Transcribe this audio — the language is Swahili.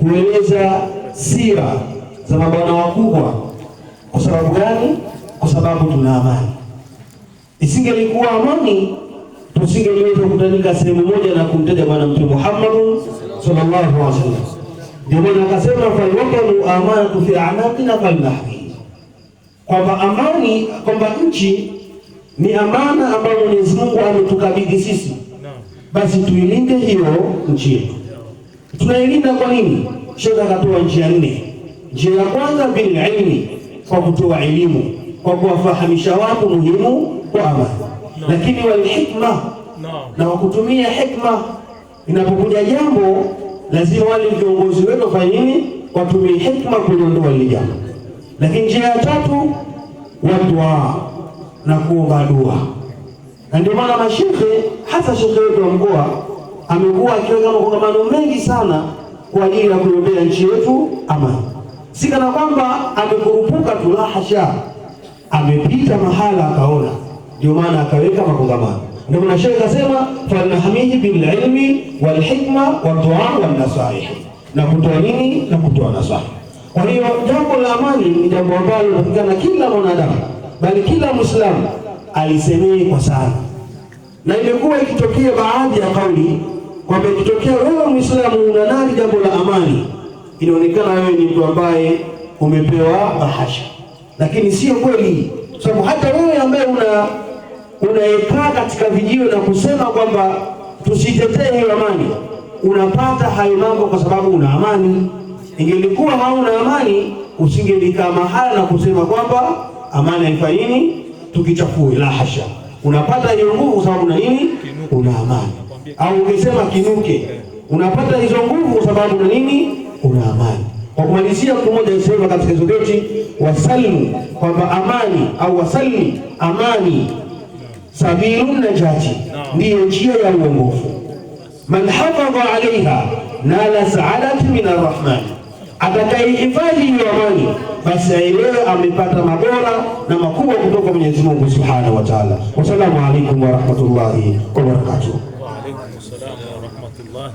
kueleza sira za mabwana wakubwa. Kwa sababu gani? Kwa sababu tuna amani. Isingelikuwa amani, tusingeliweza kukutanika sehemu moja na kumtaja Bwana Mtume Muhammad sallallahu alaihi wasallam. Ndio maana akasema fawakanu amanatu fi anaqina falnahmi, kwamba amani, kwamba nchi ni amana ambayo Mwenyezi Mungu ametukabidhi sisi, basi tuilinde hiyo nchi yetu. Tunailinda kwa nini? Sheikh akatoa njia nne. Njia ya kwanza bil ilmi, kwa kutoa elimu, kwa kuwafahamisha watu muhimu kwa amali, lakini wal hikma, na wakutumia hikma. Inapokuja jambo, lazima wale viongozi wetu wafanye nini? Watumie hikma kuliondoa lile jambo. Lakini njia ya tatu wadua, na kuomba dua, na ndio maana mashekhe hasa shekhe wetu wa mkoa amekuwa akiweka makongamano mengi sana kwa ajili ya kuombea nchi yetu amani. Si kana kwamba amekurupuka tu, la hasha, amepita mahala akaona, ndio maana akaweka makongamano. Ndio maana Sheikh akasema fanahmihi bililmi walhikma wadua wanasaihi, na kutoa nini na kutoa nasaha. Kwa hiyo jambo la amani ni jambo ambalo linapatikana kila mwanadamu, bali kila mwislamu alisemee kwa sana, na imekuwa ikitokea baadhi ya kauli kwamba ikitokea wewe Muislamu unanali jambo la amani, inaonekana wewe ni mtu ambaye umepewa bahasha, lakini sio kweli, sababu hata wewe ambaye una unaekaa katika vijio na kusema kwamba tusitetee hiyo amani, unapata hayo mambo kwa sababu una amani. Ingelikuwa hauna amani, usingelikaa mahala na kusema kwamba amani haifaini tukichafue, la hasha. Unapata hiyo nguvu kwa sababu na nini, una amani au ukisema kinuke, unapata hizo nguvu kwa sababu na nini, una amani. Kwa kumalizia, mmoja isema katika hizo beti wasalmu, kwamba amani au wasalmi, amani sabilun najati, ndiyo njia ya uongofu. Man hafadha alaiha nala saadati min arrahmani, atakayehifadhi hiyo amani basi aelewe amepata mabora na makubwa kutoka Mwenyezi Mungu subhanahu wa taala. Wassalamu alaikum warahmatullahi wabarakatuh. الله